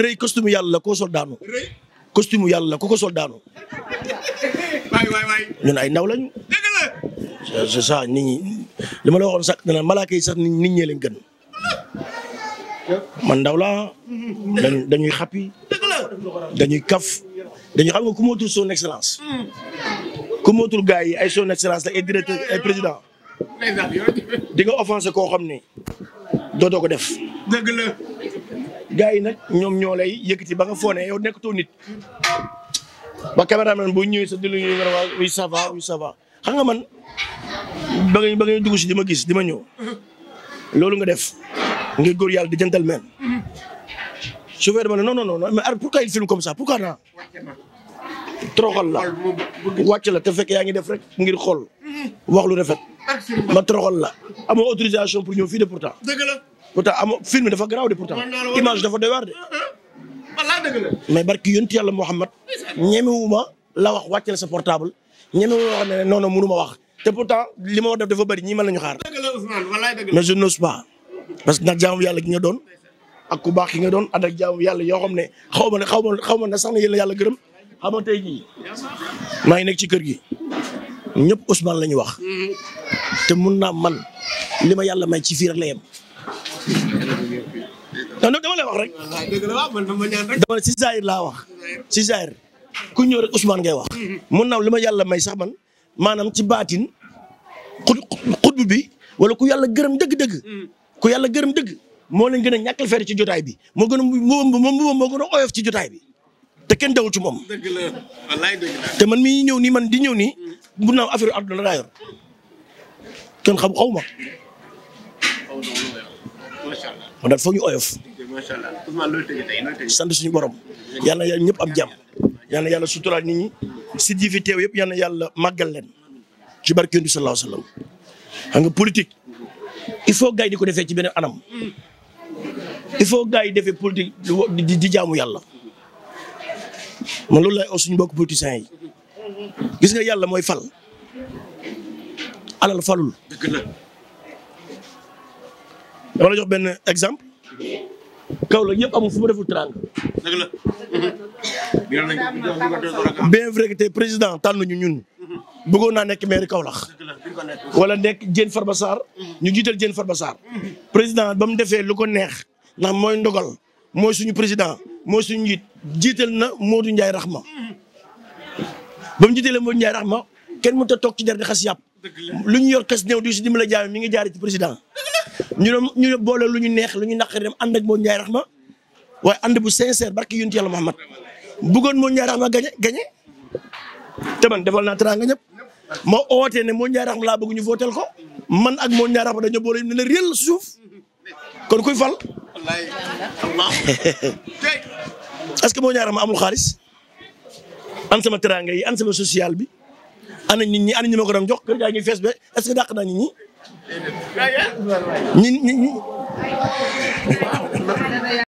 rëy costume yàlla la koo sol daanu. costume yàlla ko ko sol daanu. waay waay ñun ay ndaw lañu. dëgg la. c'est ça nit ñi li ma la waxoon sax dana malaaka yi nit ñee leen gën. man ndaw laa. dañuy dañuy dañuy kaf. dañuy xam nga ku mootul son excellence. ku mootul gars yi ay son excellence la ay directeur ay président. di nga offensé koo xam ne dootoo ko def. gars yi nag ñoom ñoo lay yëkkati ba nga foone yow nekkatoo nit ba caméraman bu ñëwee sa déllu ñu nga waa oui ça man ba nga ba nga dugg si di ma gis di ma ñëw loolu nga def ngir góor yàlla di gentleman chauffeur ma ne non non non mais ar pourquoi il filme comme ça pourquoi naa troxal la wàcc la te fekk yaa ngi def rek ngir xool wax lu rafet ma troxal la amoo autorisation pour ñëw fii de pourtant pourtant am film dafa garaaw de pourtant image dafa doy waar de. wallaahi dëgg la. mais barki yonti yàlla Mouhamad ñemewuma la wax wàcceel sa portable ñemewuma wax ne non non mënu ma wax te pourtant li ma war def dafa bëri ñii mën nañu xaar. dëgg la Ousmane wallaahi dëgg la. mais je pas parce que nag jaamu yàlla gi nga doon ak ku baax ki nga doon ànd ak yàlla yoo xam ne xaw ma ne xaw ma xaw ma ne sax na yàlla gërëm xam nga tey jii ngi nekk ci kër gi ñëpp Ousmane la ñu wax mm-hmm. te mun naa man li ma yàlla may ci fii rek la yem non dama lay wax rek. dama si Zahir laa wax si Zahir ku ñëw rek Ousmane ngay wax. mun naa li ma yàlla may sax man maanaam ci baatin xud bi wala ku yàlla gërëm dëgg-dëgg. ku yàlla gërëm dëgg moo leen gën a ñàkkal fer ci jotaay bi moo gën a moom moo gën a oyof ci jotaay bi te kenn dawul ci moom. te man mii ñëw nii man di ñëw nii. mun naa affaire àdduna laa yor kenn xam xaw ma. man daal foog ñu oyof. macha suñu borom. yal na yàlla ñëpp am jàmm. yal na yàlla suturaal nit ñi. sit yi teew yëpp yal na yàlla màggal leen. ci barke Yonent bi sallallahu alayhi wasallam. nga politique. il faut gars di ko defee ci beneen anam. il faut gars yi defee politique di di jaamu yàlla. man loolu laay oo suñu mbokk politiciens yi. gis nga yàlla mooy fal. alal falul. dama la jox benn exemple Kaolack yëpp amul fu ma deful teraanga. dëgg la. bien vrai que tey président tànnuñu ñun. bëggoon naa nekk maire Kaolack. wala nekk Diène Farba Sarr. ñu jiital Diène Farba Sarr. président ba mu defee lu ko neex ndax mooy ndogal mooy suñu président mooy suñu njiit jiital na moodu Ndiaye Rahma. ba mu jiitalee Modou Ndiaye Rahma kenn mënut a toog ci der di xas yàpp. lu ñu yor kas néew di si dimbali jaay mi ngi jaar ci président. ñu ñu boole lu ñu neex lu ñu naqari dem ànd ak Modou Ndiaye Rahma waaye ànd bu sincère barki yonent Yàlla Muhammad bëggoon Modou Ndiaye Rahma gañe gañe te man defal naa teraanga ñëpp ma ootee ne Modou Ndiaye Rahma laa bëgg ñu votel ko man ak moo Ndiaye Rahma dañoo boole ñu ne la suuf kon kuy fal. est que Modou Ndiaye Rahma amul xaalis an sama teraanga yi an sama social bi ana nit ñu ana ñi ma ko doon jox kër gaa ñuy fees ba est-ce que dàq naa nit ñi ñi